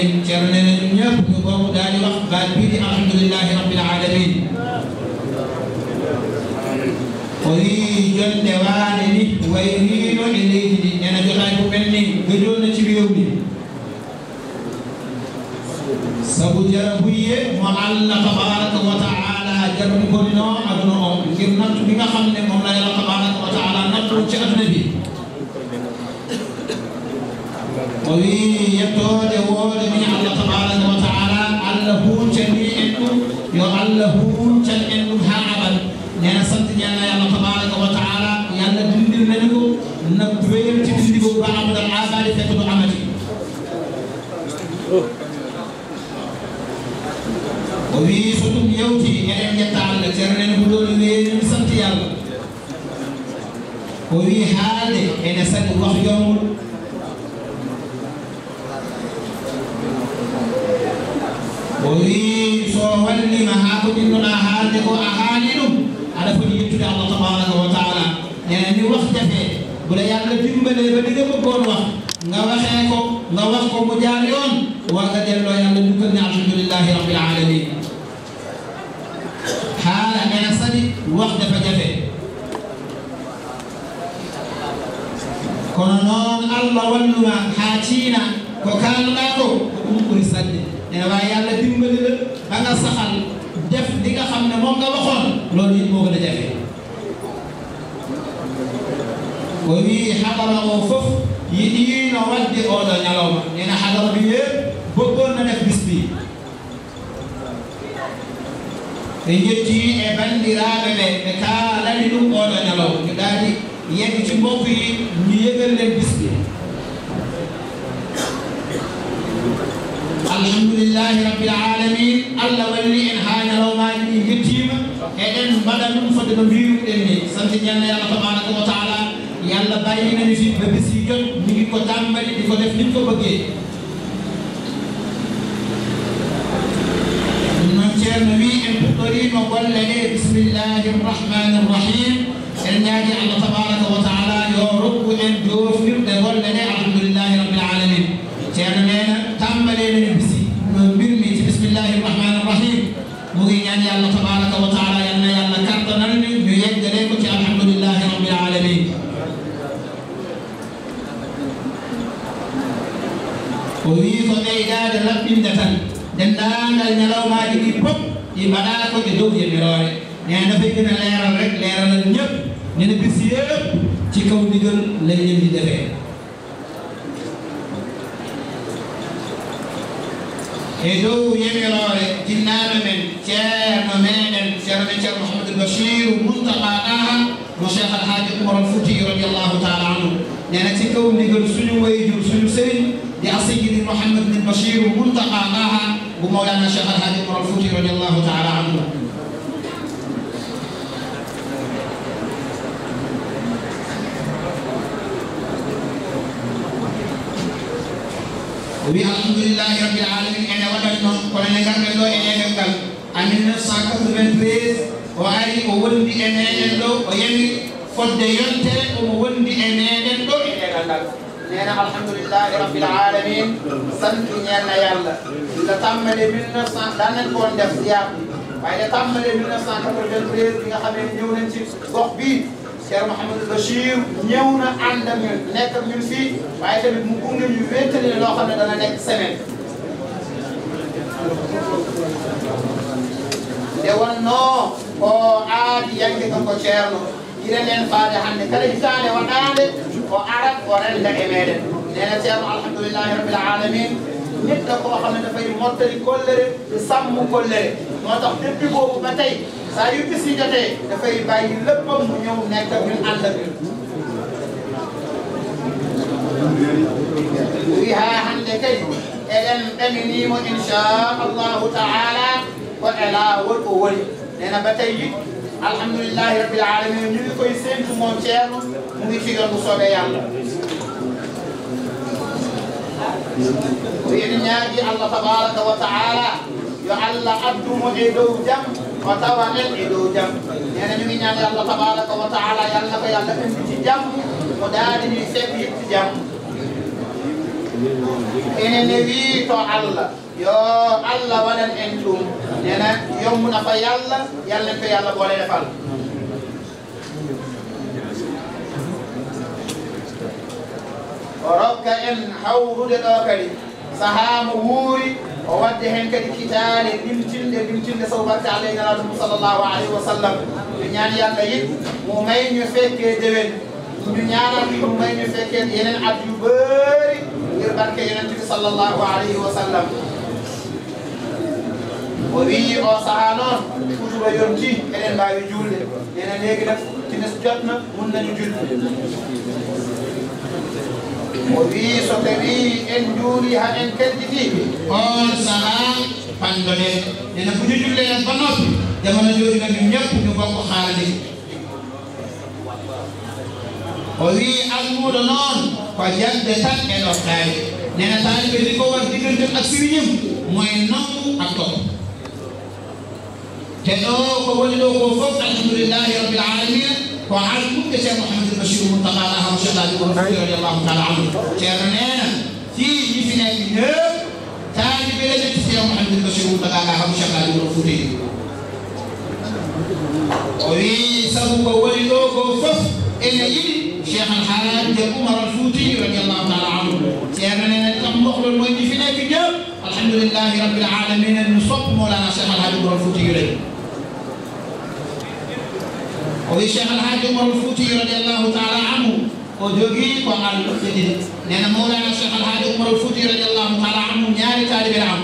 alamin Thierno nee na ñun ñëpp ñu bokk daal di wax baat bii di alhamdulilahi rabbil alamin jonde waane ni way riino e leydi ndi nee na jotaay bu mel ni gëjoon na ci réew mi sabu jara buye mo allah tabaraka wa taala jarani ko no aduna o ngir nattu bi nga xam ne moom la yàlla tabaraka wa taala nattu ci aduna bi o wi yettoo yoo xam la buur ca ngeen lu xaaral nee na sant ñaan na yàlla tabaraka wa taala yàlla dindil na ne ko na wéyal ci dindi boobu ba abadal abadi fekk du amati. wii surtout yow ci ñeneen ñettaal la cer neen bu doon wéyal sant yàlla. wii xaale ene sant wax yombul. bu la yàlla dimbalee ba di nga bëggoon wax nga waxee ko nga wax ko mu jaar yoon war nga delloo yàlla dugal ne alhamdulilahi rabbil alamin xaala insani wax dafa jafe kono noon allah walluma haa tiina ko kaalnaa ko ko ɗum ɓuri sanne ene waawi yàlla dimbali la ba nga saxal def li nga xam ne moom nga waxoon loolu it moo gën a jafe woni hadara o fof yiɗi no wadde oɗo ñalowma ena hadara mbiye boggol na def bisbi ɓe jetti e bandiraɓe ɓe ɓe kalani ɗum oɗo ñalowma ɓe ɗaadi yeɓiti mbokkoyi mi yeɓelnden bisbi alhamdulillahi rabbil alamin allah walli en ha ñalowmaji ɗi jettima eɗen mbaɗa ɗum fodde no mbiruɗen ni santi ñalla yallah tabanaka wa taala bàyyi nañu fi ba bis yi jot ñu ngi ko tàmbali di ko def ni ñu ko bëggee non ceerno wii en puɗɗorino golle ɗe bismillahi rrahmani rrahim en ñaagi allah tabaraka wa taala yo rokku en joofi o wi ko ɓeydade laɓɓinde tan dendagal ñalawmaji ɗi pop ɗi mbaɗa koɗe dow yemirore nena fekkina leeral rek leeralal ñëpp nena bis yëpp ci kaw ndigal lañ leen di defee e dow yemirore jinnaɓe men ceerno meɗen ceerno men ceerno mouhamadou bachir mountaqa daha mo cheikh alhaji oumar al fouti radiallahu taala anhu nena ci kaw ndigal suñu wayjur suñu sëriñ بأسيد محمد بن بشير ملتقى معها بمولانا شيخ الهادي قرى الفوتي رضي الله تعالى عنه. الحمد لله رب العالمين انا ودعنا كل نجار من لو انا نجار انا نفسي اكون من بيت وعي ووندي انا نجار وين فد يوم تلك وموندي انا نجار nee na alhamdulilahi rabbil alamin sant ñeen na yàlla la tàmbalee mille neuf cent daan nañ koon def ziar bi waaye la tàmbalee mille neuf cent quatre-vingt-treize bi nga xam ne ñëw nañ ci gox bii Cheikh Mouhamadou Bachir ñëw na ànd ak ñun nekk ak ñun fii waaye tamit mu gunge ñu wéttali loo xam ne dana nekk semaine nde wonno ko aadi yange kan ko ceerno inen faade hannde kala hitaande waɗaande o arat o renda e meeɗen nene ceerno alhamdoulillahi rabbil alamin neɗɗo koo xam ne dafay mottali kollere sammu kollere moo tax depuis boobu ba tey saa yu bis yi jotee dafay bàyyi léppam mu ñëw nekk ñun ànd ak ñun wi haa hannde kadi eɗen ɓaminiimo inchallahu taala ko elaa wol o woni nena ba tey alhamdulilahi rabbil alamin ñu ngi koy séntu moom Thierno mu ngi ci yoon bu soobee yàlla. ɓeeɗo ñaagi allah tabaraka wa taala yo allah addumo e dow jam o tawa en e dow jam nene ñu ngi ñaagi allah tabaraka wa taala yalla ko yalla ɓenditi jam mo daari ni seɓ yetti jam ene ne wii to allah yoo allah walan en tuum nee na yomb na ko yàlla boole defal. o rokka en hawrude ɗo kadi sahaamo wuuri o wadde heen kadi kitaale limtinɗe limtinɗe sabu batte alayhi nalatum sallllahu alayhi wa sallam yalla yit mo mayño fekke dewen mi ñaananmi ko mayño fekke yenen addu ɓeeri barke yenentiti sallllahu alayhi wa sallam o wi o saaha noon toujours yon ci enen mbaawi juulde nene léegi def tine su jotna mun nañu julde o wi so tawi en juuli ha en kelditi on saha pandone nene fu ñu julde en ba noppi jamono jooju nag ñëpp ñu bokk xaalali o wi ak muuda noon ko jadde tan en o xaali nene taalibe li ko war digënte ak siriñëm mooy nangu ak te ɗo ko woni ɗo ko fof alhamdulillahi rabbil alamina ko artuɓɓe ceerno mouhamadoul bachir moutaka ala hamo chehlaji ko radiallahu taala anu ceerno nena fii yifineki neuf taani ɓe leɗeti ceerno mouhamadoul bachir moutaka ala hamo chehlaji wuro fuuteyi o wii sabu ko woni ɗo ko fof ene yiɗi cheikh alhaaj de oumar al fouti radiallahu taala anu ceerno nena kam mbohlol moƴƴi fineki ñëpp alhamdulillahi rabbil alamina no sopp molana cheikh alhaaj oumar al fouti yureyi owi cheikh alhakim alfouti radiallahu taala anhu o jogii ko allah fedide nena mawlana cheikh alhaji umar alfouti radiallahu taala anhu ñaari taaliɓe am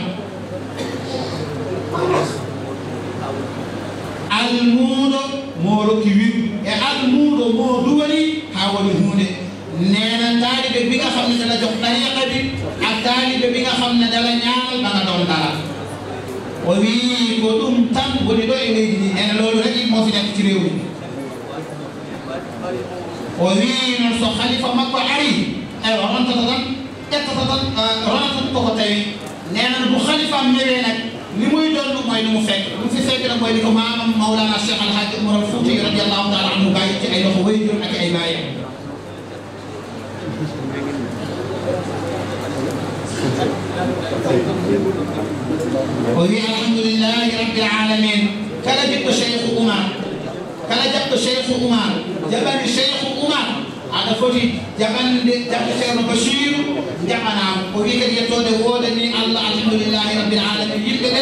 almuuɗo mo rokki wir e almuuɗo mo duwani ha woni hunde nena taaliɓe bi nga xam ne dala jox tariqa bi ak taaliɓe bi nga xam ne dala ñaanal ba nga doon dara o wii ko ɗum tan woni ɗo e leydi ndi nena loolu rek moo fi nekk ci réew mi ومين الصحالي فمك علي ايوا رانت تدان اتتدان رانت كوكوتاي نانا بو خليفه ميري نك لي موي دول موي لمو فك لو في فك دا موي ليكو مام مولانا الشيخ الحاج عمر الفوتي رضي الله تعالى عنه باي تي اي لخو وي جون اي باي وهي الحمد لله رب العالمين كلا جبت شيخ أمام kala jaɓɗo cheikhu oumar jaɓani cheikhu oumar aɗa foti jaɓande jaɓɗo ceerno bachir jaɓanama o wi kadi yettode woodani allah alhamdulillahi rabbil alamin yimɓe ɓe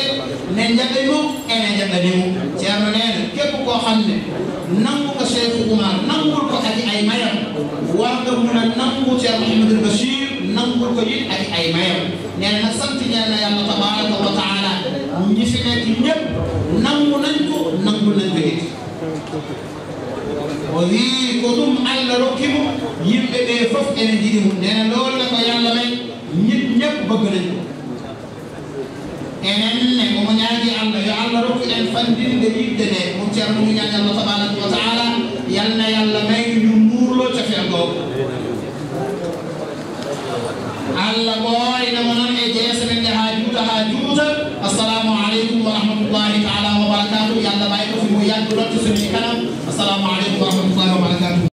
ne jaɓemo ene jaɓanimo ceerno nene kebbo ko hande nangugo cheikhu oumar nangol ko adi ay mayam warɓe muna nangu ceerno ahmadoul bachir nangol ko yiɗ adi ay mayam nene na santiñalna yallah tabaraka wa taala ñifimeki ñëpp nangu o wii ko ɗum allah rokkimo yimɓe ɓe fof ene jiɗi mum nene lolna ko yalla may ñit ñëpp bëgg nañ ko enen ne komo ñaagi allah yo allah rokku en fandinde yidde nde mum ceerno muñaag allah tabaraka wa taala yalna yalla may